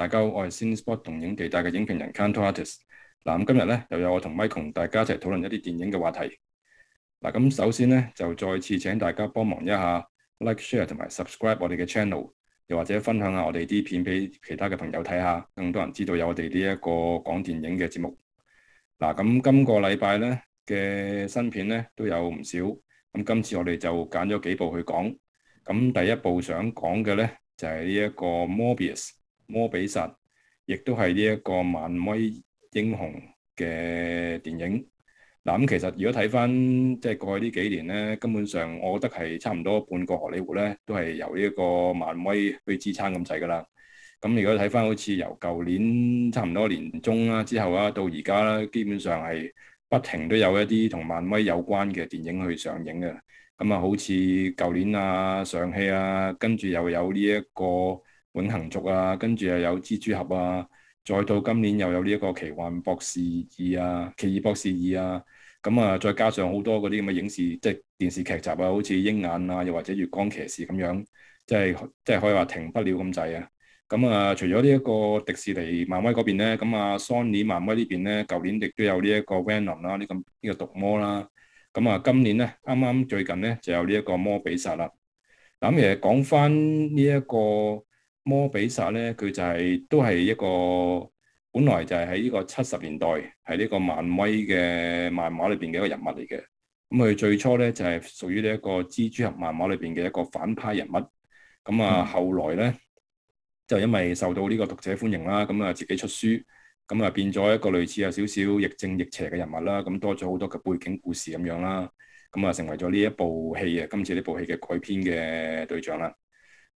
大家好，我係 Cinespot 動映地帶嘅影評人 Kantorates。嗱，今日咧又有我同 Mike 同大家一齊討論一啲電影嘅話題。嗱，咁首先咧就再次請大家幫忙一下 Like Share、Share 同埋 Subscribe 我哋嘅 channel，又或者分享下我哋啲片俾其他嘅朋友睇下，更多人知道有我哋呢一個講電影嘅節目。嗱，咁今個禮拜咧嘅新片咧都有唔少，咁今次我哋就揀咗幾部去講。咁第一部想講嘅咧就係呢一個 Morbius。魔比煞亦都係呢一個漫威英雄嘅電影。嗱，咁其實如果睇翻即係過去呢幾年咧，根本上我覺得係差唔多半個荷里活咧，都係由呢一個漫威去支撐咁滯㗎啦。咁如果睇翻好似由舊年差唔多年中啦之後啊，到而家咧，基本上係不停都有一啲同漫威有關嘅電影去上映嘅。咁啊，好似舊年啊上戲啊，跟住又有呢一個。永恆族啊，跟住又有蜘蛛俠啊，再到今年又有呢一個奇幻博士二啊，奇異博士二啊，咁啊再加上好多嗰啲咁嘅影視，即係電視劇集啊，好似鷹眼啊，又或者月光騎士咁樣，即係即係可以話停不了咁滯啊。咁啊，除咗呢一個迪士尼、漫威嗰邊咧，咁啊 Sony 漫威呢邊咧，舊年亦都有呢一個 Venom 啦、啊，呢咁呢個毒魔啦、啊，咁啊今年咧，啱啱最近咧就有呢一個魔比煞啦。咁、啊、其實講翻呢一個。魔比煞咧，佢就係、是、都係一個，本來就係喺呢個七十年代，喺呢個漫威嘅漫畫裏邊嘅一個人物嚟嘅。咁佢最初咧就係屬於呢一個蜘蛛俠漫畫裏邊嘅一個反派人物。咁、嗯、啊，後來咧就因為受到呢個讀者歡迎啦，咁啊自己出書，咁啊變咗一個類似有少少亦正亦邪嘅人物啦。咁多咗好多嘅背景故事咁樣啦，咁啊成為咗呢一部戲啊，今次呢部戲嘅改編嘅對象啦。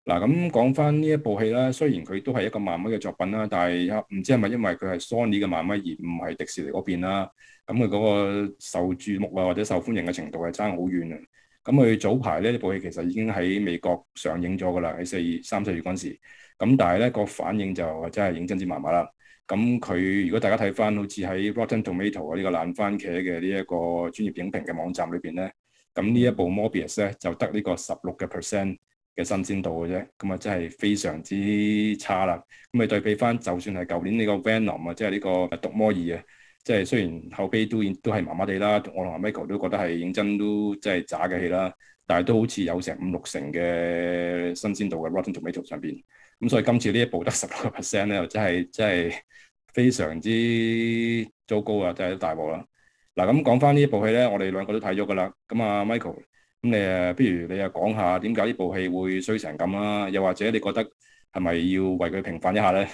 嗱，咁講翻呢一部戲啦，雖然佢都係一個漫威嘅作品啦，但係唔知係咪因為佢係 Sony 嘅漫威而唔係迪士尼嗰邊啦，咁佢嗰個受注目啊或者受歡迎嘅程度係差好遠啊。咁佢早排咧，呢部戲其實已經喺美國上映咗噶啦，喺四三、四月嗰陣時。咁但係咧個反應就真係認真之嘛嘛啦。咁佢如果大家睇翻，好似喺 Rotten Tomato 啊呢個爛番茄嘅呢一個專業影評嘅網站裏邊咧，咁呢一部 Morbius 咧就得呢個十六嘅 percent。嘅新鮮度嘅啫，咁啊真係非常之差啦！咁你對比翻，就算係舊年呢個 Venom 啊，即係呢個毒魔二啊，即係雖然口碑都都係麻麻地啦，我同埋 Michael 都覺得係認真都即係渣嘅戲啦，但係都好似有成五六成嘅新鮮度嘅 Rotten Tomato 上邊。咁所以今次呢一部得十六個 percent 咧，又真係真係非常之糟糕啊！真係大鑊啦！嗱，咁講翻呢一部戲咧，我哋兩個都睇咗噶啦。咁啊，Michael。咁你誒，不如你誒講下點解呢部戲會衰成咁啦？又或者你覺得係咪要為佢平反一下咧？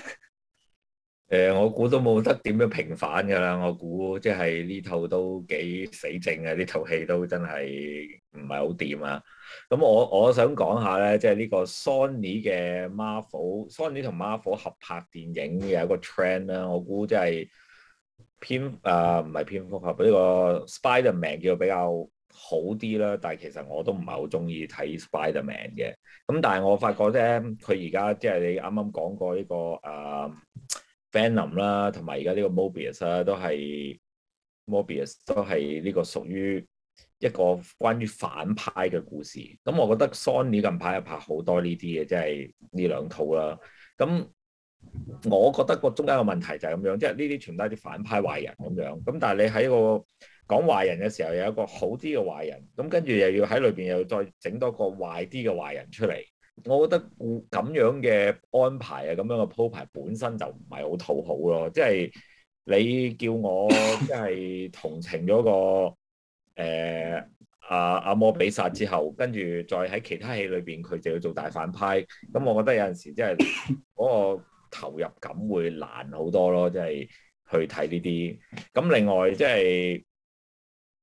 誒、呃，我估都冇得點樣平反㗎啦！我估即係呢套都幾死靜嘅，呢套戲都真係唔係好掂啊！咁我我想講下咧，即係呢個 Sony 嘅 Marvel，Sony 同 Marvel 合拍電影有一個 trend 啦，我估即係蝙誒唔係蝙蝠俠呢個 Spider-Man 名叫比較。好啲啦，但係其實我都唔係好中意睇 Spider-Man 嘅。咁但係我發覺咧，佢而家即係你啱啱講過呢、這個啊、uh, Venom 啦，同埋而家呢個 Morbius 啦、啊，都係 Morbius 都係呢個屬於一個關於反派嘅故事。咁我覺得 Sony 近排又拍好多呢啲嘅，即係呢兩套啦。咁我覺得個中間嘅問題就係咁樣，即係呢啲全都係啲反派壞人咁樣。咁但係你喺個講壞人嘅時候，有一個好啲嘅壞人，咁跟住又要喺裏邊又再整多個壞啲嘅壞人出嚟。我覺得咁樣嘅安排啊，咁樣嘅鋪排本身就唔係好討好咯。即係你叫我即係同情咗個誒阿阿魔比煞之後，跟住再喺其他戲裏邊佢就要做大反派。咁我覺得有陣時即係嗰個投入感會難好多咯。即係去睇呢啲。咁另外即係。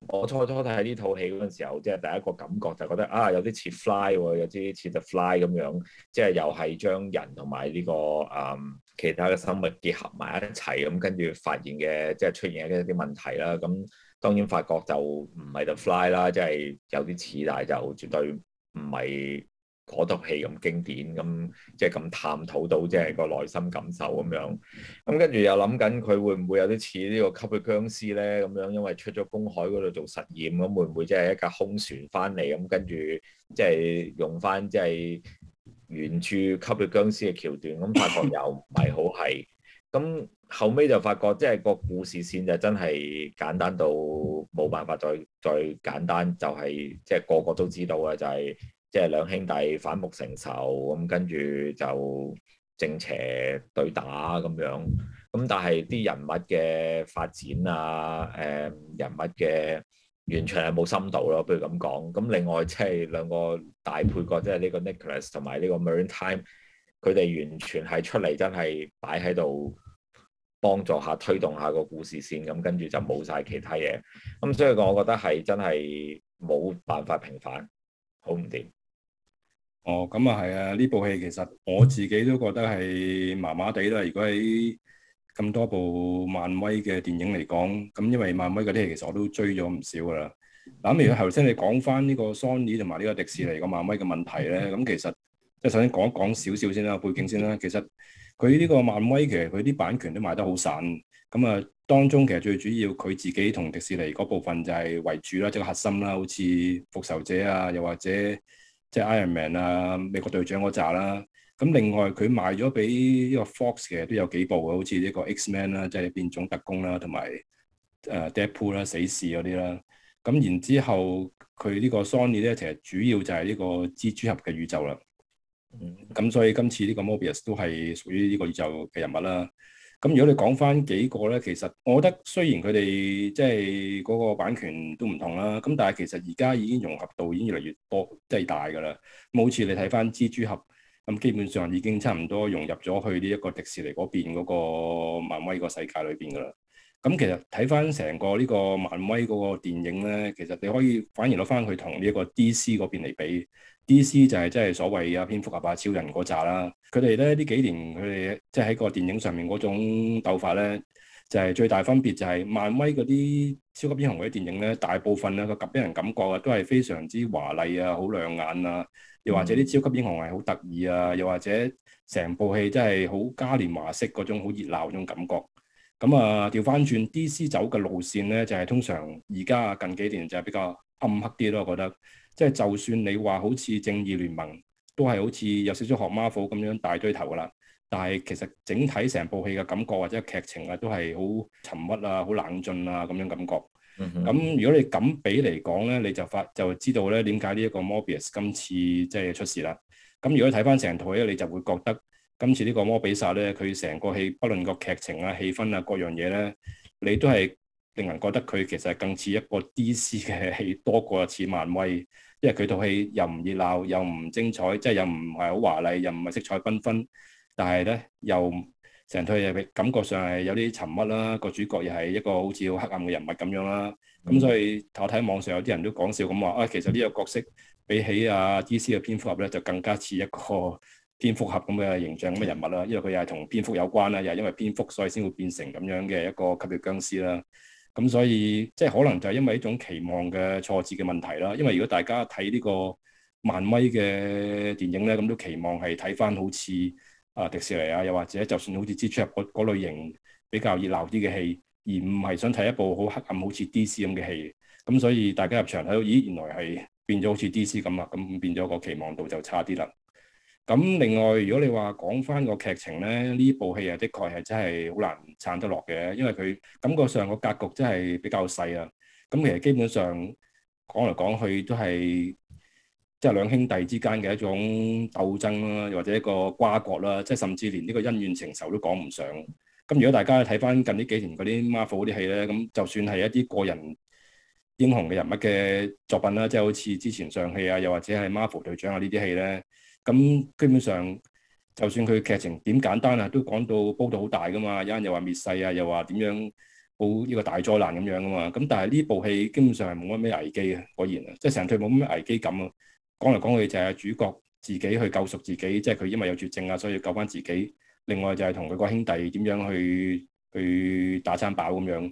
我初初睇呢套戲嗰陣時候，即係第一個感覺就覺得啊，有啲似 fly，有啲似 the fly 咁樣，即係又係將人同埋呢個誒、嗯、其他嘅生物結合埋一齊，咁跟住發現嘅即係出現嘅一啲問題啦。咁當然發覺就唔係 the fly 啦，即係有啲似，但係就絕對唔係。嗰套戲咁經典，咁即係咁探討到即係、就是、個內心感受咁樣。咁跟住又諗緊佢會唔會有啲似呢個吸血僵屍咧？咁樣因為出咗公海嗰度做實驗，咁會唔會即係一架空船翻嚟？咁跟住即係用翻即係原著吸血僵屍嘅橋段，咁發覺又唔係好係。咁後尾就發覺即係個故事線就真係簡單到冇辦法再再簡單，就係即係個個都知道嘅就係、是。即係兩兄弟反目成仇，咁跟住就正邪對打咁樣。咁但係啲人物嘅發展啊，誒人物嘅完全係冇深度咯。不如咁講。咁另外即係兩個大配角，即係呢個 Nicholas 同埋呢個 Martine，佢哋完全係出嚟真係擺喺度幫助下推動下個故事線，咁跟住就冇晒其他嘢。咁所以講，我覺得係真係冇辦法平反。好唔掂。哦，咁啊係啊，呢部戲其實我自己都覺得係麻麻地啦。如果喺咁多部漫威嘅電影嚟講，咁因為漫威嗰啲其實我都追咗唔少噶啦。嗱，如果頭先你講翻呢個 Sony 同埋呢個迪士尼個漫威嘅問題咧，咁其實即係首先講一講少少先啦，背景先啦。其實佢呢個漫威其實佢啲版權都賣得好散。咁啊，當中其實最主要佢自己同迪士尼嗰部分就係為主啦，即係核心啦。好似復仇者啊，又或者即係 Iron Man 啊、美國隊長嗰扎啦。咁另外佢賣咗俾呢個 Fox 其實都有幾部嘅，好似呢個 X Man 啦，即係變種特工啦，同埋誒 Deadpool 啦、死侍嗰啲啦。咁然之後佢呢個 Sony 咧，其實主要就係呢個蜘蛛俠嘅宇宙啦。咁所以今次呢個 Morbius 都係屬於呢個宇宙嘅人物啦。咁如果你講翻幾個咧，其實我覺得雖然佢哋即係嗰個版權都唔同啦，咁但係其實而家已經融合度已經越嚟越多，即係大㗎啦。咁好似你睇翻《蜘蛛俠》，咁基本上已經差唔多融入咗去呢一個迪士尼嗰邊嗰個漫威個世界裏邊㗎啦。咁其實睇翻成個呢個漫威嗰個電影咧，其實你可以反而攞翻佢同呢一個 DC 嗰邊嚟比。D.C. 就係即係所謂啊，蝙蝠俠啊、超人嗰扎啦。佢哋咧呢幾年，佢哋即係喺個電影上面嗰種鬥法咧，就係最大分別就係漫威嗰啲超級英雄嗰啲電影咧，大部分咧個給俾人感覺都係非常之華麗啊，好亮眼啊。又或者啲超級英雄係好得意啊，又或者成部戲真係好嘉年華式嗰種好熱鬧嗰種感覺。咁啊，調翻轉 D.C. 走嘅路線咧，就係通常而家近幾年就係比較暗黑啲咯，我覺得。即係就，就算你話好似《正義聯盟》，都係好似有少少學 Marvel 咁樣大堆頭噶啦。但係其實整體成部戲嘅感覺或者劇情啊，都係好沉鬱啊、好冷峻啊咁樣感覺。咁、啊啊嗯、哼如果你咁比嚟講咧，你就發就知道咧點解呢一個 Morbius 今次即係出事啦。咁如果睇翻成套咧，你就會覺得今次呢、這個摩比殺咧，佢成個戲，不論個劇情啊、氣氛啊、各樣嘢咧，你都係。令人覺得佢其實係更似一個 DC 嘅戲多過似漫威，因為佢套戲又唔熱鬧，又唔精彩，即係又唔係好華麗，又唔係色彩繽紛。但係咧，又成套嘢感覺上係有啲沉默啦。個主角又係一個好似好黑暗嘅人物咁樣啦。咁、嗯、所以我睇網上有啲人都講笑咁話，啊，其實呢個角色比起啊 DC 嘅蝙蝠俠咧，就更加似一個蝙蝠俠咁嘅形象咁嘅人物啦。嗯、因為佢又係同蝙蝠有關啦，又係因為蝙蝠所以先會變成咁樣嘅一個吸血僵屍啦。咁所以即係可能就係因為一種期望嘅挫折嘅問題啦。因為如果大家睇呢個漫威嘅電影咧，咁都期望係睇翻好似啊迪士尼啊，又或者就算好似蜘蛛俠嗰類型比較熱鬧啲嘅戲，而唔係想睇一部好黑暗好似 DC 咁嘅戲。咁所以大家入場睇到，咦原來係變咗好似 DC 咁啦，咁變咗個期望度就差啲啦。咁另外，如果你話講翻個劇情咧，呢部戲啊，的確係真係好難撐得落嘅，因為佢感覺上個格局真係比較細啊。咁其實基本上講嚟講去都係即係兩兄弟之間嘅一種鬥爭啦，或者一個瓜葛啦，即係甚至連呢個恩怨情仇都講唔上。咁如果大家睇翻近呢幾年嗰啲 Marvel 啲戲咧，咁就算係一啲個人英雄嘅人物嘅作品啦，即係好似之前上戲啊，又或者係 Marvel 隊長啊呢啲戲咧。咁基本上，就算佢劇情點簡單啊，都講到煲到好大噶嘛。有人又話滅世啊，又話點樣煲呢個大災難咁樣噶嘛。咁但係呢部戲基本上係冇乜咩危機啊，果然啊，即係成套冇乜危機感啊。講嚟講去就係主角自己去救贖自己，即係佢因為有絕症啊，所以要救翻自己。另外就係同佢個兄弟點樣去去打餐飽咁樣。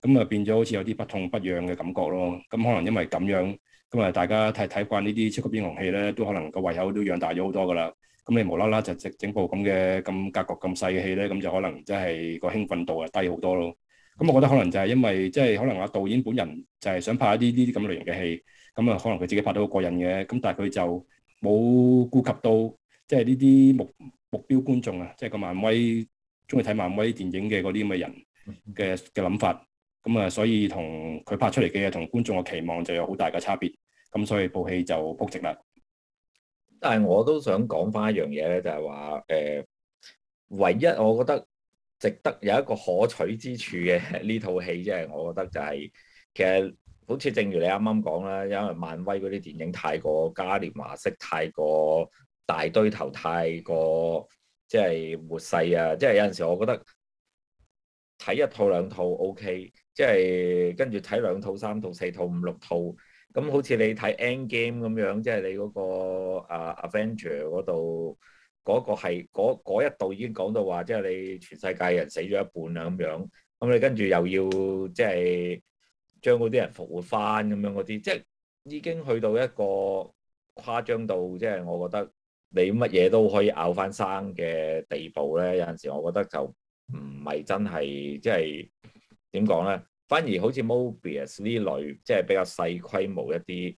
咁啊變咗好似有啲不痛不癢嘅感覺咯。咁可能因為咁樣。咁啊，大家睇睇慣呢啲超級英雄戲咧，都可能個胃口都養大咗好多噶啦。咁你無啦啦就整部咁嘅咁格局咁細嘅戲咧，咁就可能即係個興奮度啊低好多咯。咁我覺得可能就係因為即係可能阿導演本人就係想拍一啲呢啲咁類型嘅戲，咁啊可能佢自己拍得好過癮嘅，咁但係佢就冇顧及到即係呢啲目目標觀眾啊，即係個漫威中意睇漫威電影嘅嗰啲咁嘅人嘅嘅諗法。咁啊，所以同佢拍出嚟嘅嘢同觀眾嘅期望就有好大嘅差別，咁所以部戲就仆值啦。但係我都想講翻一樣嘢咧，就係話誒，唯一我覺得值得有一個可取之處嘅呢套戲，即係我覺得就係其實好似正如你啱啱講啦，因為漫威嗰啲電影太過嘉年華式，太過大堆頭，太過即係活細啊！即係有陣時我覺得睇一套兩套 OK。即係跟住睇兩套、三套、四套、五六套，咁好似你睇《Endgame》咁樣，即係你嗰個啊《Avenger》嗰度嗰個係嗰一度已經講到話，即係你全世界人死咗一半啊咁樣，咁你跟住又要即係將嗰啲人復活翻咁樣嗰啲，即係已經去到一個誇張到即係我覺得你乜嘢都可以拗翻生嘅地步咧。有陣時我覺得就唔係真係即係點講咧？反而好似 Morbius 呢類，即係比較細規模一啲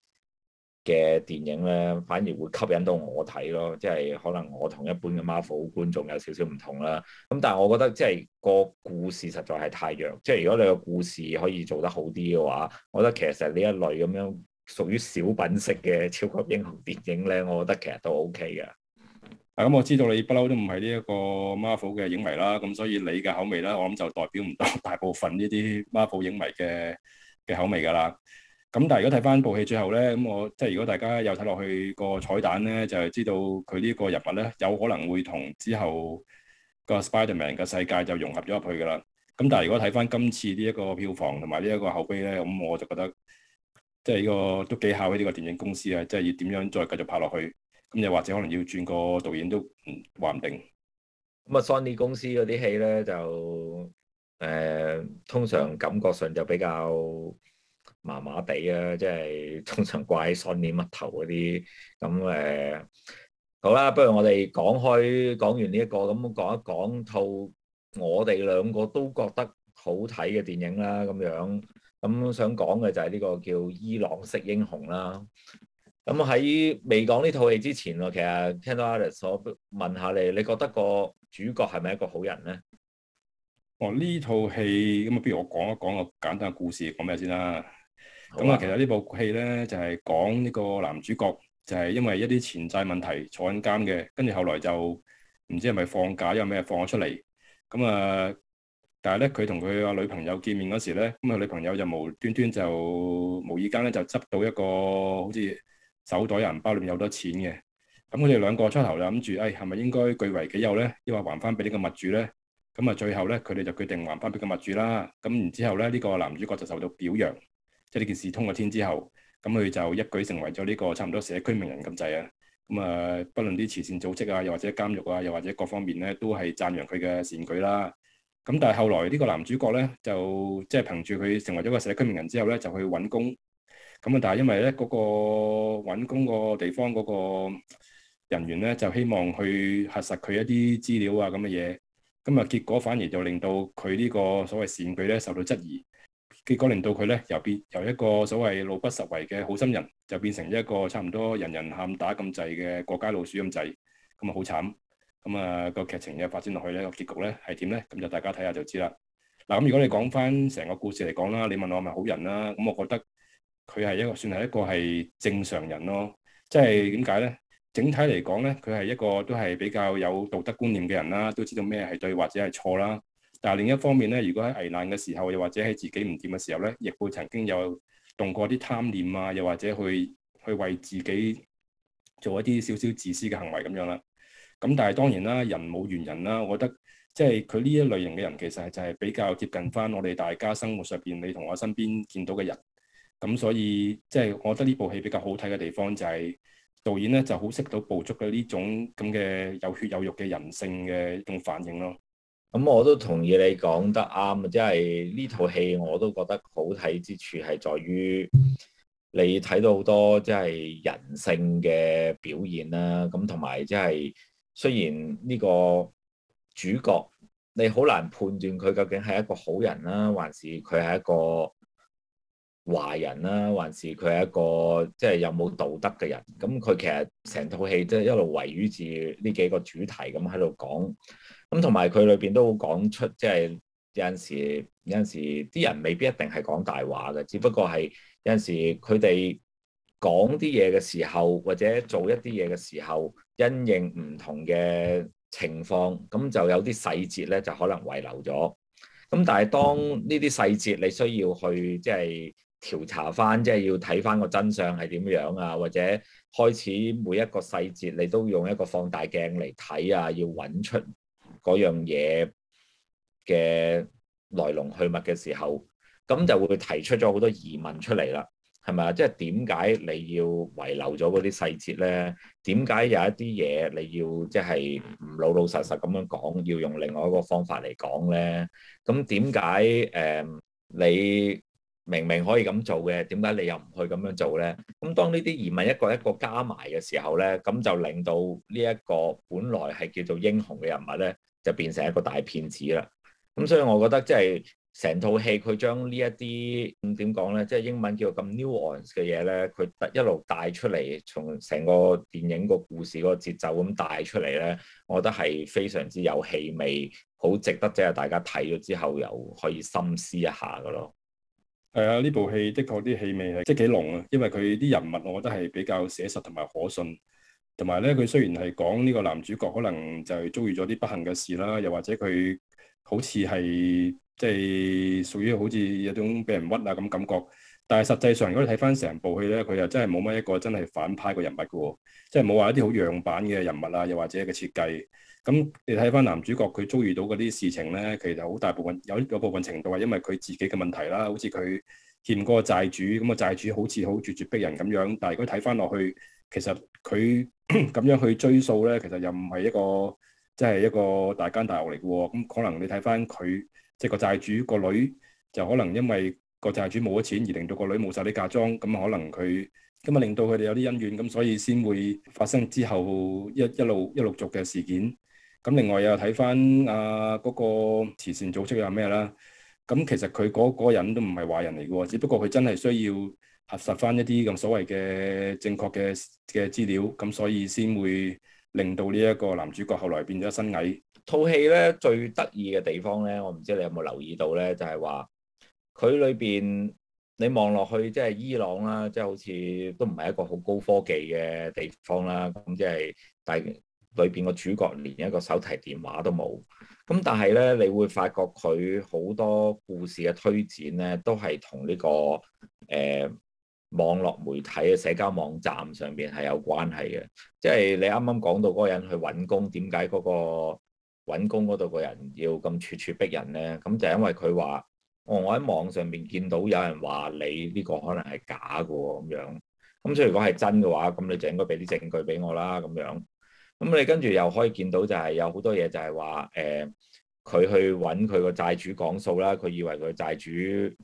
嘅電影咧，反而會吸引到我睇咯。即係可能我同一般嘅 Marvel 觀眾有少少唔同啦。咁但係我覺得即係個故事實在係太弱。即係如果你個故事可以做得好啲嘅話，我覺得其實呢一類咁樣屬於小品式嘅超級英雄電影咧，我覺得其實都 OK 嘅。咁、啊嗯、我知道你不嬲都唔係呢一個 Marvel 嘅影迷啦，咁、啊嗯、所以你嘅口味咧，我諗就代表唔到大部分呢啲 Marvel 影迷嘅嘅口味㗎啦。咁、嗯、但係如果睇翻部戲最後咧，咁、嗯、我即係如果大家有睇落去個彩蛋咧，就係、是、知道佢呢個人物咧有可能會同之後個 Spider-Man 嘅世界就融合咗入去㗎啦。咁、嗯、但係如果睇翻今次呢一個票房同埋呢一個口碑咧，咁、嗯、我就覺得即係呢、這個都幾考呢個電影公司啊！即係要點樣再繼續拍落去？咁又或者可能要轉個導演都唔話唔定。咁啊，Sony 公司嗰啲戲咧，就誒、呃，通常感覺上就比較麻麻地啊，即、就、係、是、通常怪 Sony 乜頭嗰啲咁誒。好啦，不如我哋講開，講完呢、這個、一個咁講一講套我哋兩個都覺得好睇嘅電影啦。咁樣，咁想講嘅就係呢個叫伊朗式英雄啦。咁喺未講呢套戲之前咯，其實聽到 Alex 所問下你，你覺得個主角係咪一個好人咧？哦，呢套戲咁啊，不如我講一講個簡單嘅故事，講咩先啦？咁啊，其實部戲呢部戲咧就係講呢個男主角就係、是、因為一啲前債問題坐緊監嘅，跟住後來就唔知係咪放假因又咩放咗出嚟，咁啊，但係咧佢同佢阿女朋友見面嗰時咧，咁啊女朋友就無端端就無意間咧就執到一個好似～手袋、銀包裏面有好多錢嘅，咁佢哋兩個出頭就諗住，誒係咪應該據為己有咧？抑或還翻俾呢個物主咧？咁啊，最後咧，佢哋就決定還翻俾個物主啦。咁然之後咧，呢個男主角就受到表揚，即係呢件事通個天之後，咁佢就一舉成為咗呢個差唔多社區名人咁滯啊。咁啊，不論啲慈善組織啊，又或者監獄啊，又或者各方面咧，都係讚揚佢嘅善舉啦。咁但係後來呢個男主角咧，就即係憑住佢成為咗個社區名人之後咧，就去揾工。咁啊！但係因為咧，嗰個搵工個地方嗰個人員咧，就希望去核實佢一啲資料啊咁嘅嘢，咁啊，結果反而就令到佢呢個所謂善舉咧，受到質疑，結果令到佢咧，由變由一個所謂路不拾遺嘅好心人，就變成一個差唔多人人喊打咁滯嘅國家老鼠咁滯，咁啊好慘！咁啊個劇情又發展落去呢個結局咧係點咧？咁就大家睇下就知啦。嗱，咁如果你講返成個故事嚟講啦，你問我係咪好人啦？咁我覺得。佢係一個算係一個係正常人咯，即係點解呢？整體嚟講呢，佢係一個都係比較有道德觀念嘅人啦，都知道咩係對或者係錯啦。但係另一方面呢，如果喺危難嘅時候，又或者喺自己唔掂嘅時候呢，亦會曾經有動過啲貪念啊，又或者去去為自己做一啲少少自私嘅行為咁樣啦。咁但係當然啦，人冇完人啦。我覺得即係佢呢一類型嘅人，其實係就係比較接近返我哋大家生活上面，你同我身邊見到嘅人。咁所以即係，就是、我覺得呢部戲比較好睇嘅地方就係導演咧就好識到捕捉嘅呢種咁嘅有血有肉嘅人性嘅一種反應咯。咁我都同意你講得啱，即係呢套戲我都覺得好睇之處係在於你睇到好多即係人性嘅表現啦。咁同埋即係雖然呢個主角你好難判斷佢究竟係一個好人啦，還是佢係一個。華人啦，啊，還是佢係一個即係、就是、有冇道德嘅人？咁佢其實成套戲都係一路圍繞住呢幾個主題咁喺度講。咁同埋佢裏邊都講出，即、就、係、是、有陣時有陣時啲人未必一定係講大話嘅，只不過係有陣時佢哋講啲嘢嘅時候，或者做一啲嘢嘅時候，因應唔同嘅情況，咁就有啲細節呢就可能遺留咗。咁但係當呢啲細節你需要去即係。就是調查翻即係要睇翻個真相係點樣啊，或者開始每一個細節你都用一個放大鏡嚟睇啊，要揾出嗰樣嘢嘅來龍去脈嘅時候，咁就會提出咗好多疑問出嚟啦，係咪啊？即係點解你要遺留咗嗰啲細節咧？點解有一啲嘢你要即係唔老老實實咁樣講，要用另外一個方法嚟講咧？咁點解誒你，明明可以咁做嘅，點解你又唔去咁樣做呢？咁當呢啲疑問一個一個加埋嘅時候呢，咁就令到呢一個本來係叫做英雄嘅人物呢，就變成一個大騙子啦。咁所以我覺得即係成套戲佢將呢一啲點講呢？即係英文叫做咁 nuance 嘅嘢呢，佢一路帶出嚟，從成個電影個故事個節奏咁帶出嚟呢，我覺得係非常之有氣味，好值得即係大家睇咗之後又可以深思一下嘅咯。係啊，呢部戲的確啲戲味係即係幾濃啊，因為佢啲人物我覺得係比較寫實同埋可信，同埋咧佢雖然係講呢個男主角可能就遭遇咗啲不幸嘅事啦，又或者佢好似係即係屬於好似有種俾人屈啊咁感覺，但係實際上如果你睇翻成部戲咧，佢又真係冇乜一個真係反派嘅人物噶，即係冇話一啲好樣板嘅人物啊，又或者嘅設計。咁你睇翻男主角佢遭遇到嗰啲事情咧，其實好大部分有有部分程度係因為佢自己嘅問題啦，好似佢欠嗰個債主，咁啊債主好似好咄咄逼人咁樣。但係如果睇翻落去，其實佢咁樣去追訴咧，其實又唔係一個即係一個大奸大惡嚟嘅喎。咁可能你睇翻佢即係個債主個女，就可能因為個債主冇咗錢而令到個女冇晒啲嫁妝，咁可能佢咁啊令到佢哋有啲恩怨，咁所以先會發生之後一一,一路一陸續嘅事件。咁另外又睇翻啊嗰、嗰個慈善組織又咩啦？咁其實佢嗰個人都唔係壞人嚟嘅喎，只不過佢真係需要核實翻一啲咁所謂嘅正確嘅嘅資料，咁所以先會令到呢一個男主角後來變咗身矮。套戲咧最得意嘅地方咧，我唔知你有冇留意到咧，就係話佢裏邊你望落去即係伊朗啦，即係好似都唔係一個好高科技嘅地方啦，咁即係大。裏邊個主角連一個手提電話都冇，咁但係咧，你會發覺佢好多故事嘅推展咧，都係同呢個誒、呃、網絡媒體嘅社交網站上邊係有關係嘅。即、就、係、是、你啱啱講到嗰個人去揾工，點解嗰個揾工嗰度個人要咁咄咄逼人咧？咁就因為佢話我我喺網上邊見到有人話你呢、這個可能係假嘅喎、哦，咁樣咁。所以如果係真嘅話，咁你就應該俾啲證據俾我啦，咁樣。咁、嗯、你跟住又可以見到就係有好多嘢就係話誒，佢、欸、去揾佢個債主講數啦，佢以為佢債主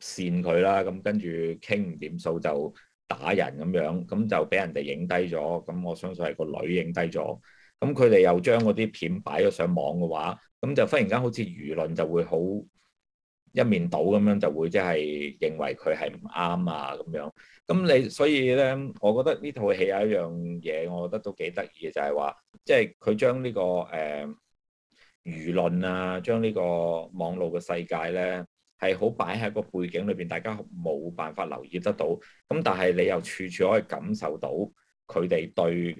扇佢啦，咁、嗯、跟住傾唔掂數就打人咁樣，咁、嗯、就俾人哋影低咗，咁、嗯、我相信係個女影低咗，咁佢哋又將嗰啲片擺咗上網嘅話，咁、嗯、就忽然間好似輿論就會好一面倒咁樣就會即係認為佢係唔啱啊咁樣。咁你所以咧，我覺得呢套戲有一樣嘢，我覺得都幾得意嘅，就係話，即係佢將呢個誒輿論啊，將呢個網路嘅世界咧，係好擺喺個背景裏邊，大家冇辦法留意得到。咁但係你又處處可以感受到佢哋對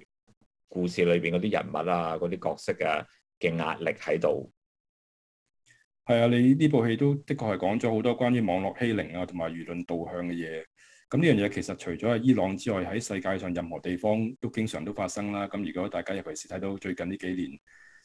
故事裏邊嗰啲人物啊、嗰啲角色啊嘅壓力喺度。係啊，你呢部戲都的確係講咗好多關於網絡欺凌啊，同埋輿論導向嘅嘢。咁呢樣嘢其實除咗係伊朗之外，喺世界上任何地方都經常都發生啦。咁如果大家尤其是睇到最近呢幾年，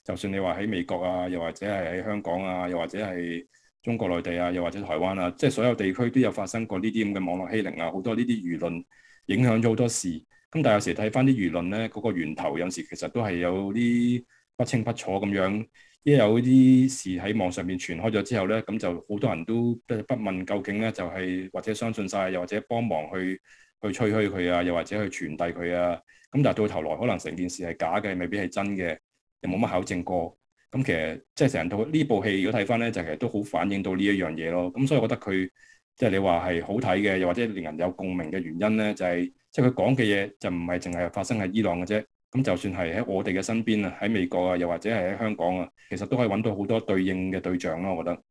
就算你話喺美國啊，又或者係喺香港啊，又或者係中國內地啊，又或者台灣啊，即係所有地區都有發生過呢啲咁嘅網絡欺凌啊，好多呢啲輿論影響咗好多事。咁但係有時睇翻啲輿論呢，嗰個源頭有時其實都係有啲不清不楚咁樣。因為有啲事喺網上面傳開咗之後呢，咁就好多人都不不問究竟呢，就係或者相信晒，又或者幫忙去去吹噓佢啊，又或者去傳遞佢啊。咁但係到頭來，可能成件事係假嘅，未必係真嘅，又冇乜考證過。咁其實即係成套呢部戲，部戲如果睇翻呢，就其實都好反映到呢一樣嘢咯。咁所以我覺得佢即係你話係好睇嘅，又或者令人有共鳴嘅原因呢，就係即係佢講嘅嘢就唔係淨係發生喺伊朗嘅啫。咁就算係喺我哋嘅身邊啊，喺美國啊，又或者係喺香港啊，其實都可以揾到好多對應嘅對象咯，我覺得。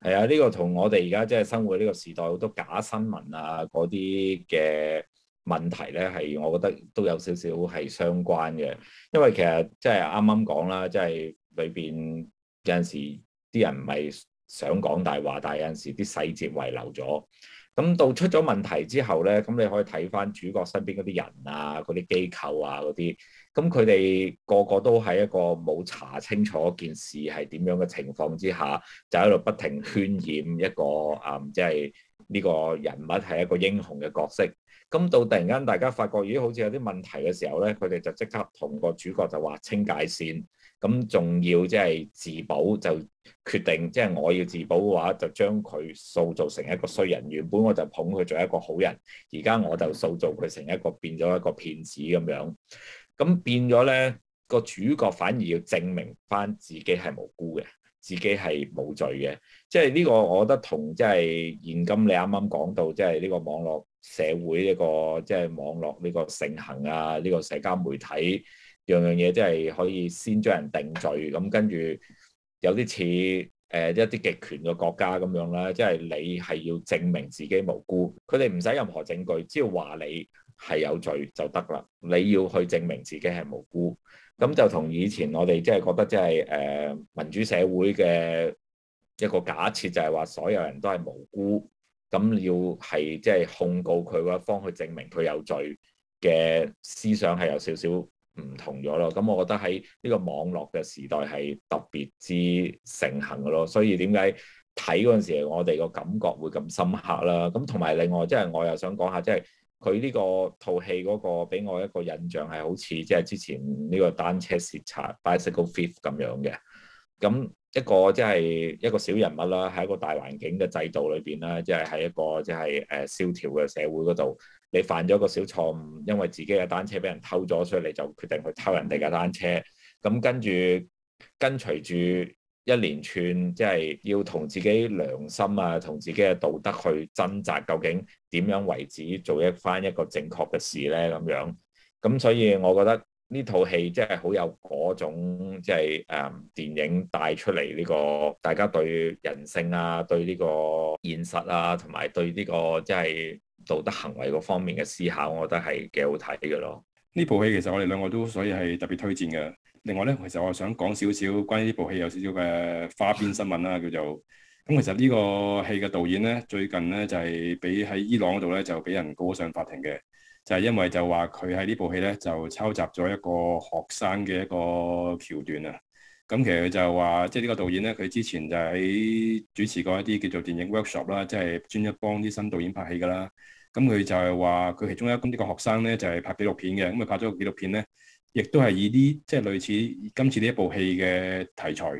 係啊，呢個同我哋而家即係生活呢個時代好多假新聞啊，嗰啲嘅問題咧，係我覺得都有少少係相關嘅。因為其實即係啱啱講啦，即係裏邊有陣時啲人唔係想講大話，但係有陣時啲細節遺留咗。咁到出咗問題之後咧，咁你可以睇翻主角身邊嗰啲人啊、嗰啲機構啊嗰啲，咁佢哋個個都係一個冇查清楚件事係點樣嘅情況之下，就喺度不停渲染一個誒，即係呢個人物係一個英雄嘅角色。咁到突然間大家發覺咦，好似有啲問題嘅時候咧，佢哋就即刻同個主角就劃清界線。咁仲要即係自保就決定，即係我要自保嘅話，就將佢塑造成一個衰人。原本我就捧佢做一個好人，而家我就塑造佢成一個變咗一個騙子咁樣。咁變咗咧，個主角反而要證明翻自己係無辜嘅，自己係冇罪嘅。即係呢個，我覺得同即係現今你啱啱講到，即係呢個網絡社會呢個即係網絡呢個盛行啊，呢個社交媒體。樣樣嘢即係可以先將人定罪，咁跟住有啲似誒一啲極權嘅國家咁樣啦，即係你係要證明自己無辜，佢哋唔使任何證據，只要話你係有罪就得啦。你要去證明自己係無辜，咁就同以前我哋即係覺得即係誒民主社會嘅一個假設，就係話所有人都係無辜，咁要係即係控告佢嗰一方去證明佢有罪嘅思想係有少少，唔同咗咯，咁我覺得喺呢個網絡嘅時代係特別之盛行嘅咯，所以點解睇嗰陣時我哋個感覺會咁深刻啦？咁同埋另外，即、就、係、是、我又想講下，即係佢呢個套戲嗰個俾我一個印象係好似即係之前呢個單車竊賊 （Bicycle f h i e f 咁樣嘅，咁一個即係一個小人物啦，喺一個大環境嘅制度裏邊啦，即係喺一個即係誒蕭條嘅社會嗰度。你犯咗個小錯誤，因為自己嘅單車俾人偷咗，所以你就決定去偷人哋嘅單車。咁跟住跟隨住一連串，即係要同自己良心啊，同自己嘅道德去掙扎，究竟點樣為止做一番一個正確嘅事呢？咁樣咁，所以我覺得呢套戲即係好有嗰種，即係誒電影帶出嚟呢個，大家對人性啊，對呢個現實啊，同埋對呢個即係。道德行為嗰方面嘅思考，我覺得係幾好睇嘅咯。呢部戲其實我哋兩個都所以係特別推薦嘅。另外咧，其實我想講少少關於呢部戲有少少嘅花邊新聞啦。叫做咁，其實呢個戲嘅導演咧，最近咧就係俾喺伊朗嗰度咧就俾人告上法庭嘅，就係因為就話佢喺呢部戲咧就抄襲咗一個學生嘅一個橋段啊。咁其實就話即係呢個導演咧，佢之前就喺主持過一啲叫做電影 workshop 啦，即係專一幫啲新導演拍戲噶啦。咁佢就係話，佢其中一個呢個學生咧，就係、是、拍紀錄片嘅，咁佢拍咗個紀錄片咧，亦都係以啲即係類似今次呢一部戲嘅題材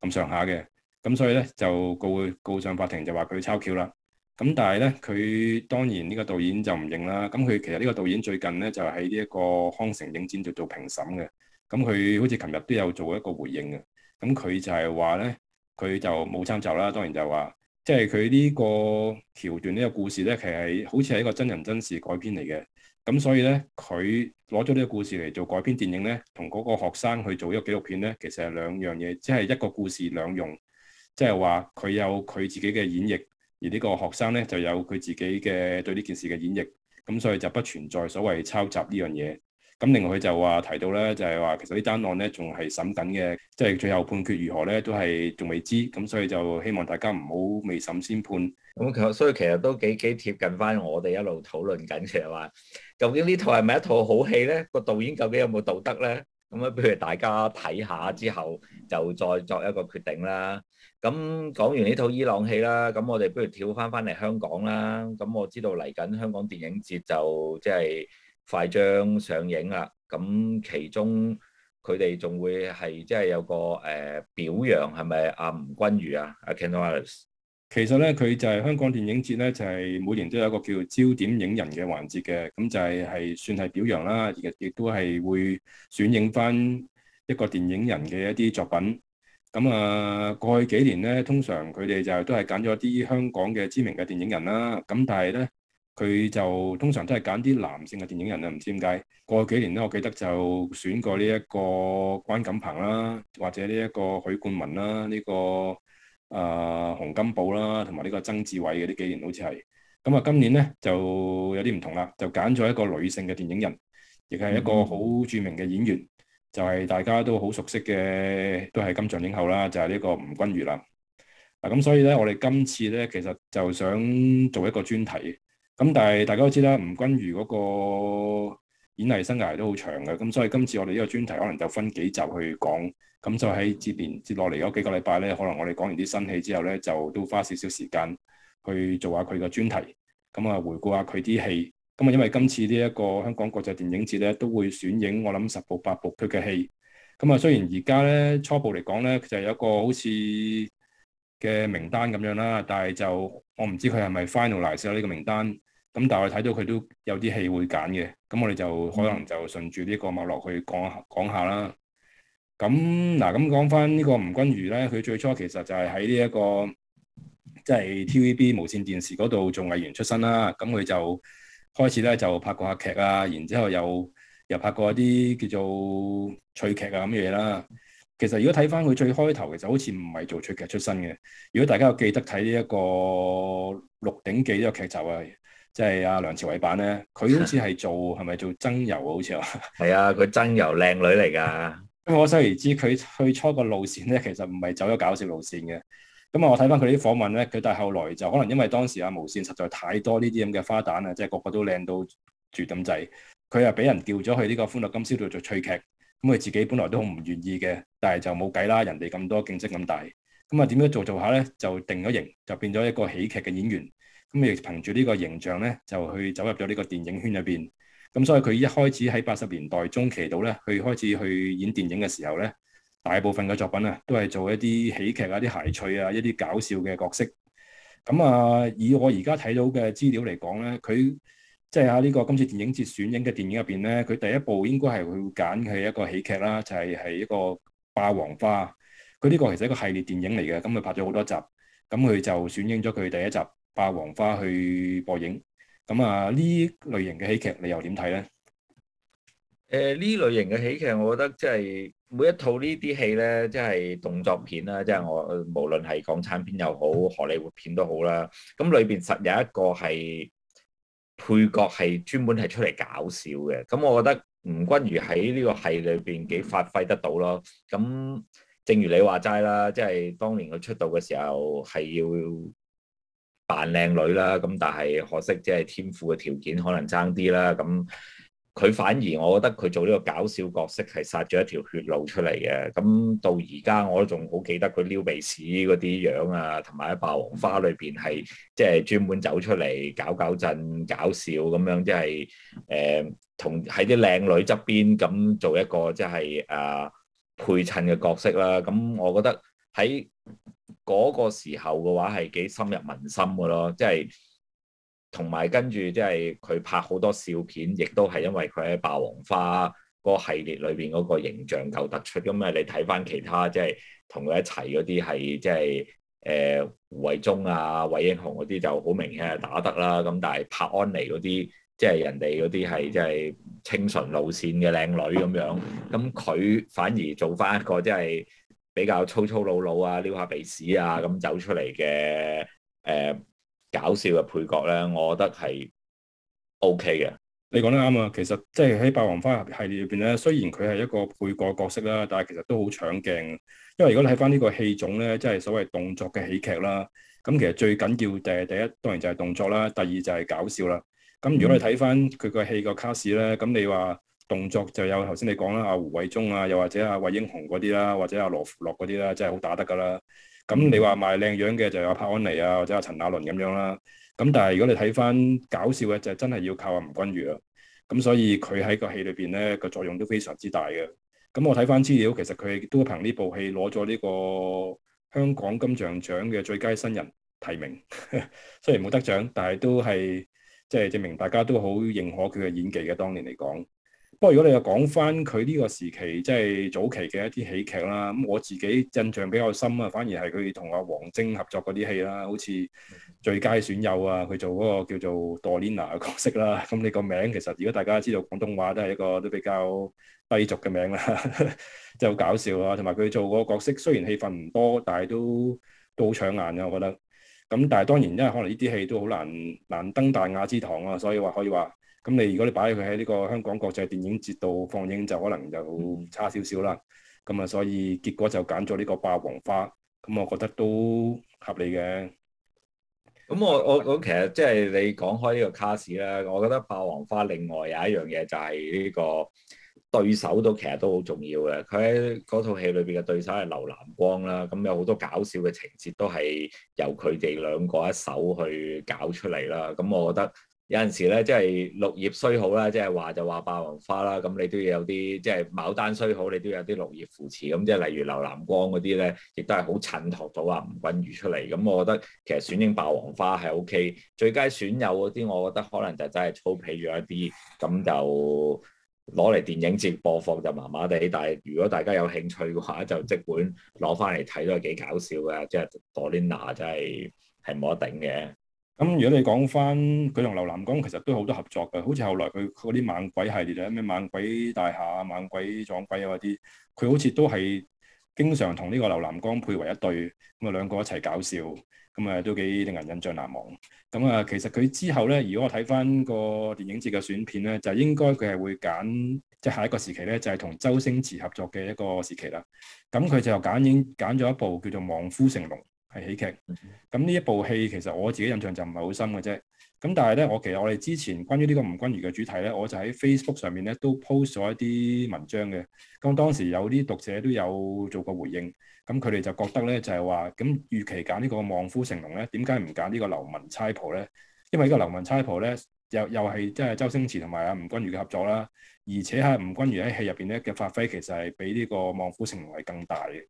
咁上下嘅，咁所以咧就告告上法庭就話佢抄橋啦，咁但係咧佢當然呢個導演就唔認啦，咁佢其實呢個導演最近咧就喺呢一個康城影展度做評審嘅，咁佢好似琴日都有做一個回應嘅，咁佢就係話咧，佢就冇參雜啦，當然就話。即係佢呢個橋段呢個故事呢，其實好似係一個真人真事改編嚟嘅，咁所以呢，佢攞咗呢個故事嚟做改編電影呢，同嗰個學生去做一個紀錄片呢，其實係兩樣嘢，即係一個故事兩用，即係話佢有佢自己嘅演繹，而呢個學生呢，就有佢自己嘅對呢件事嘅演繹，咁所以就不存在所謂抄襲呢樣嘢。咁另外佢就話提到咧，就係話其實呢單案咧仲係審緊嘅，即係最後判決如何咧都係仲未知。咁所以就希望大家唔好未審先判。咁其實所以其實都幾幾貼近翻我哋一路討論緊，就係話究竟呢套係咪一套好戲咧？個導演究竟有冇道德咧？咁咧，不如大家睇下之後就再作一個決定啦。咁講完呢套伊朗戲啦，咁我哋不如跳翻翻嚟香港啦。咁我知道嚟緊香港電影節就即係。就是快將上映啦，咁其中佢哋仲會係即係有個誒、呃、表揚，係咪阿吳君如啊阿 Kantorates？其實咧，佢就係、是、香港電影節咧，就係、是、每年都有一個叫焦點影人嘅環節嘅，咁就係係算係表揚啦，而亦都係會選映翻一個電影人嘅一啲作品。咁啊，過去幾年咧，通常佢哋就都係揀咗啲香港嘅知名嘅電影人啦。咁但係咧，佢就通常都係揀啲男性嘅電影人啊，唔知點解，過去幾年咧，我記得就選過呢一個關錦鵬啦，或者呢一個許冠文啦，呢、這個啊、呃、洪金寶啦，同埋呢個曾志偉嘅呢幾年好似係。咁、嗯、啊，今年咧就有啲唔同啦，就揀咗一個女性嘅電影人，亦係一個好著名嘅演員，就係、是、大家都好熟悉嘅，都係金像影后啦，就係、是、呢個吳君如啦。咁、啊、所以咧，我哋今次咧其實就想做一個專題。咁但係大家都知啦，吳君如嗰個演藝生涯都好長嘅，咁所以今次我哋呢個專題可能就分幾集去講，咁就喺接連接落嚟嗰幾個禮拜咧，可能我哋講完啲新戲之後咧，就都花少少時間去做下佢個專題，咁、嗯、啊回顧下佢啲戲，咁、嗯、啊因為今次呢一個香港國際電影節咧都會選映，我諗十部八部佢嘅戲，咁、嗯、啊雖然而家咧初步嚟講咧，佢就有一個好似嘅名單咁樣啦，但係就我唔知佢係咪 finalized 呢個名單。咁但係我睇到佢都有啲戲會揀嘅，咁我哋就可能就順住呢個脈落去講講下啦。咁嗱，咁講翻呢個吳君如咧，佢最初其實就係喺呢一個即係、就是、T V B 無線電視嗰度做藝員出身啦。咁佢就開始咧就拍過下劇啊，然之後又又拍過一啲叫做趣劇啊咁嘅嘢啦。其實如果睇翻佢最開頭，其實好似唔係做趣劇出身嘅。如果大家有記得睇呢一個，個《鹿鼎記》呢個劇集啊。即係阿梁朝偉版咧，佢好似係做係咪？ 做曾柔好似話係啊，佢曾柔靚女嚟㗎。咁可想而知，佢最初個路線咧，其實唔係走咗搞笑路線嘅。咁啊，我睇翻佢啲訪問咧，佢但係後來就可能因為當時阿無線實在太多呢啲咁嘅花旦啊，即係個個都靚到住咁滯，佢又俾人調咗去呢個《歡樂今宵》度做趣劇。咁佢自己本來都好唔願意嘅，但係就冇計啦，人哋咁多，競爭咁大。咁啊，點樣做做下咧，就定咗型，就變咗一個喜劇嘅演員。咁亦憑住呢個形象咧，就去走入咗呢個電影圈入邊。咁所以佢一開始喺八十年代中期度咧，佢開始去演電影嘅時候咧，大部分嘅作品啊，都係做一啲喜劇啊、啲諧趣啊、一啲搞笑嘅角色。咁啊，以我而家睇到嘅資料嚟講咧，佢即係啊呢個今次電影節選映嘅電影入邊咧，佢第一部應該係佢會揀佢一個喜劇啦，就係係一個霸王花。佢呢個其實一個系列電影嚟嘅，咁佢拍咗好多集，咁佢就選映咗佢第一集。霸王花去播映，咁啊呢類型嘅喜劇你又點睇咧？誒呢類型嘅喜劇，我覺得即係每一套呢啲戲咧，即係動作片啦，即係我無論係港產片又好、荷里活片都好啦。咁裏邊實有一個係配角，係專門係出嚟搞笑嘅。咁我覺得吳君如喺呢個係裏邊幾發揮得到咯。咁正如你話齋啦，即係當年佢出道嘅時候係要扮靚女啦，咁但係可惜即係天賦嘅條件可能爭啲啦。咁佢反而我覺得佢做呢個搞笑角色係殺咗一條血路出嚟嘅。咁到而家我都仲好記得佢撩鼻屎嗰啲樣啊，同埋喺《霸王花》裏邊係即係專門走出嚟搞搞震搞笑咁樣，即係誒同喺啲靚女側邊咁做一個即係啊配襯嘅角色啦。咁我覺得喺嗰個時候嘅話係幾深入民心嘅咯，即係同埋跟住即係佢拍好多笑片，亦都係因為佢喺《霸王花》嗰個系列裏邊嗰個形象夠突出。咁啊，你睇翻其他即係同佢一齊嗰啲係即係誒胡慧中啊、惠英紅嗰啲就好明顯係打得啦。咁但係柏安妮嗰啲即係人哋嗰啲係即係清純路線嘅靚女咁樣，咁佢反而做翻一個即係，比較粗粗魯魯啊，撩下鼻屎啊，咁走出嚟嘅誒搞笑嘅配角咧，我覺得係 O K 嘅。你講得啱啊！其實即係喺《霸王花》系列入邊咧，雖然佢係一個配角角色啦，但係其實都好搶鏡。因為如果你睇翻呢個戲種咧，即係所謂動作嘅喜劇啦，咁其實最緊要嘅第一當然就係動作啦，第二就係搞笑啦。咁如果你睇翻佢個戲個 cast 咧、嗯，咁你話？動作就有頭先你講啦，阿胡慧中啊，又或者阿惠英紅嗰啲啦，或者阿羅芙洛嗰啲啦，真係好打得㗎啦。咁你話賣靚樣嘅就係阿柏安妮啊，或者陳阿陳雅倫咁樣啦。咁但係如果你睇翻搞笑嘅就真係要靠阿吳君如啊。咁所以佢喺個戲裏邊咧，個作用都非常之大嘅。咁我睇翻資料，其實佢都憑呢部戲攞咗呢個香港金像獎嘅最佳新人提名。 雖然冇得獎，但係都係即係證明大家都好認可佢嘅演技嘅。當年嚟講。不過如果你又講翻佢呢個時期，即係早期嘅一啲喜劇啦，咁我自己印象比較深啊，反而係佢同阿王晶合作嗰啲戲啦，好似最佳損友啊，佢做嗰個叫做 Dolyna 嘅角色啦。咁呢個名其實如果大家知道廣東話，都係一個都比較低俗嘅名啦，即係好搞笑啊！同埋佢做嗰個角色，雖然戲份唔多，但係都都好搶眼啊。我覺得。咁但係當然，因為可能呢啲戲都好難難登大雅之堂啊，所以話可以話。咁你如果你擺佢喺呢個香港國際電影節度放映，就可能就差少少啦。咁啊，所以結果就揀咗呢個《霸王花》。咁我覺得都合理嘅。咁我我我其實即係你講開呢個卡 a 啦，我覺得《霸王花》另外有一樣嘢就係呢個對手都其實都好重要嘅。佢喺嗰套戲裏邊嘅對手係劉南光啦。咁有好多搞笑嘅情節都係由佢哋兩個一手去搞出嚟啦。咁我覺得。有陣時咧，即係綠葉衰好啦，即係話就話霸王花啦，咁你都要有啲即係牡丹衰好，你都要有啲綠葉扶持，咁即係例如劉南光嗰啲咧，亦都係好襯托到啊吳君如出嚟。咁我覺得其實選英霸王花係 OK，最佳損友嗰啲，我覺得可能就真係粗鄙咗一啲，咁就攞嚟電影節播放就麻麻地。但係如果大家有興趣嘅話，就即管攞翻嚟睇都係幾搞笑嘅，即係 Dorina 真係係冇得頂嘅。咁如果你講翻佢同劉南光其實都好多合作嘅，好似後來佢嗰啲猛鬼系列咧，咩猛鬼大廈、猛鬼撞鬼啊啲，佢好似都係經常同呢個劉南光配為一對，咁啊兩個一齊搞笑，咁啊都幾令人印象難忘。咁啊，其實佢之後咧，如果我睇翻個電影節嘅選片咧，就應該佢係會揀即係下一個時期咧，就係同周星馳合作嘅一個時期啦。咁佢就揀影揀咗一部叫做《望夫成龍》。係喜劇，咁呢一部戲其實我自己印象就唔係好深嘅啫。咁但係咧，我其實我哋之前關於呢個吳君如嘅主題咧，我就喺 Facebook 上面咧都 post 咗一啲文章嘅。咁當時有啲讀者都有做過回應，咁佢哋就覺得咧就係、是、話，咁預期揀呢個望夫成龍咧，點解唔揀呢個流氓差婆咧？因為呢個流氓差婆咧，又又係即係周星馳同埋啊吳君如嘅合作啦。而且喺吳君如喺戲入邊咧嘅發揮，其實係比呢個望夫成龍係更大嘅。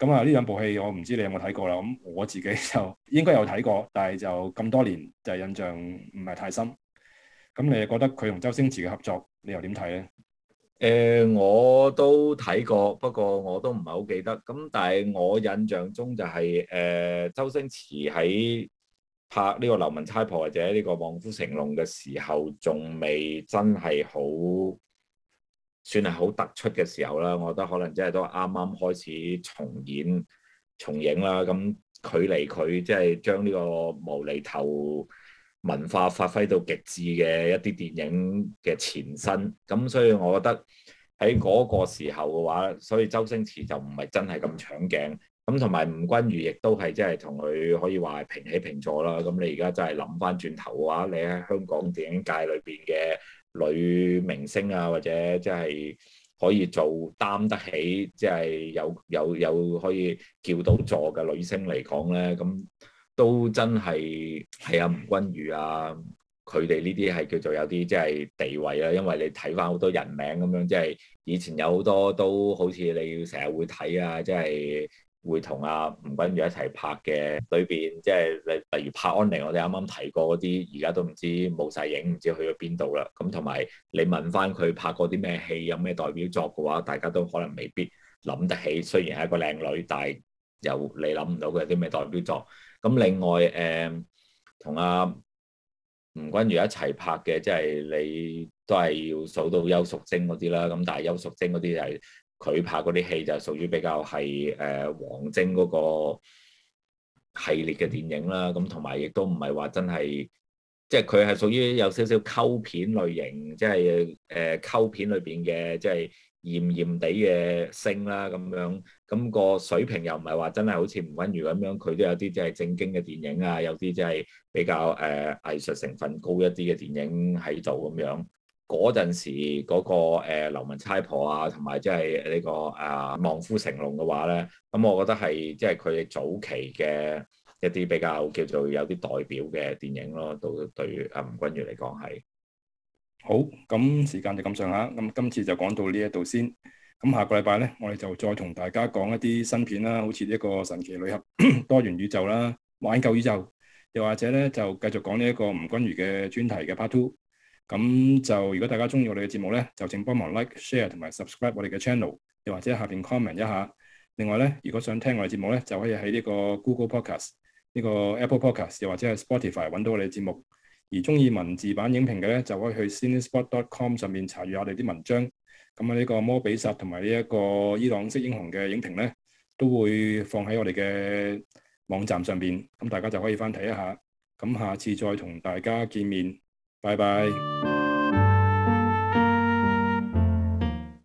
咁啊，呢兩部戲我唔知你有冇睇過啦，咁我自己就應該有睇過，但係就咁多年就印象唔係太深。咁你覺得佢同周星馳嘅合作，你又點睇呢？誒、呃，我都睇過，不過我都唔係好記得。咁但係我印象中就係、是、誒、呃，周星馳喺拍呢、這個《流氓差婆》或者呢、這個《望夫成龍》嘅時候，仲未真係好。算係好突出嘅時候啦，我覺得可能真係都啱啱開始重演、重影啦，咁距離佢即係將呢個無厘頭文化發揮到極致嘅一啲電影嘅前身。咁所以我覺得喺嗰個時候嘅話，所以周星馳就唔係真係咁搶鏡。咁同埋吳君如亦都係即係同佢可以話係平起平坐啦。咁你而家真係諗翻轉頭嘅話，你喺香港電影界裏邊嘅女明星啊，或者即係可以做擔得起，即係有有有可以叫到座嘅女星嚟講咧，咁都真係係啊吳君如啊，佢哋呢啲係叫做有啲即係地位啊，因為你睇翻好多人名咁樣，即係以前有好多都好似你要成日會睇啊，即係。會同阿、啊、吳君如一齊拍嘅裏邊，即係例例如柏安妮，我哋啱啱提過嗰啲，而家都唔知冇晒影，唔知去咗邊度啦。咁同埋你問翻佢拍過啲咩戲，有咩代表作嘅話，大家都可能未必諗得起。雖然係一個靚女，但係又你諗唔到佢有啲咩代表作。咁另外誒，同、呃、阿、啊、吳君如一齊拍嘅，即係你都係要數到邱淑貞嗰啲啦。咁但係邱淑貞嗰啲係。佢拍嗰啲戲就屬於比較係誒王晶嗰個系列嘅電影啦，咁同埋亦都唔係話真係，即係佢係屬於有少少溝片類型，即係誒溝片裏邊嘅即係艷艷哋嘅星啦咁樣，咁、咁個水平又唔係話真係好似吳君如咁樣，佢都有啲即係正經嘅電影啊，有啲即係比較誒、呃、藝術成分高一啲嘅電影喺度咁樣。嗰陣時嗰個誒流民差婆啊，同埋即係呢個啊望夫成龍嘅話咧，咁我覺得係即係佢哋早期嘅一啲比較叫做有啲代表嘅電影咯。對對於阿吳君如嚟講係好。咁時間就咁上下。咁今次就講到呢一度先。咁下個禮拜咧，我哋就再同大家講一啲新片啦，好似一個神奇女俠、多元宇宙啦、玩救宇宙，又或者咧就繼續講呢一個吳君如嘅專題嘅 part two。咁就如果大家中意我哋嘅節目咧，就請幫忙 like、share 同埋 subscribe 我哋嘅 channel，又或者下邊 comment 一下。另外咧，如果想聽我哋節目咧，就可以喺呢個 Google Podcast、呢個 Apple Podcast 又或者係 Spotify 揾到我哋嘅節目。而中意文字版影評嘅咧，就可以去 Cinespot.com 上面查閲我哋啲文章。咁啊，呢個《魔比煞》同埋呢一個伊朗式英雄嘅影評咧，都會放喺我哋嘅網站上邊，咁大家就可以翻睇一下。咁下次再同大家見面。拜拜。